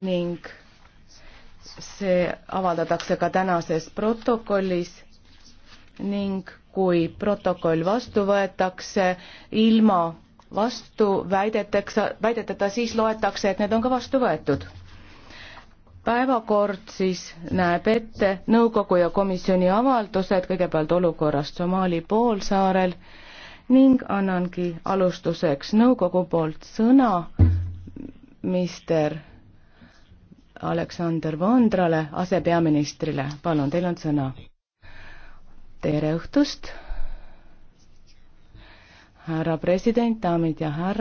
ning see avaldatakse ka tänases protokollis ning kui protokoll vastu võetakse ilma vastu väidetakse, väideteta, siis loetakse, et need on ka vastu võetud. päevakord siis näeb ette nõukogu ja komisjoni avaldused kõigepealt olukorrast Somaali poolsaarel ning annangi alustuseks nõukogu poolt sõna, minister Aleksander Vondrale, asepeaministrile. palun, teil on sõna. tere õhtust, härra president, daamid ja härrad.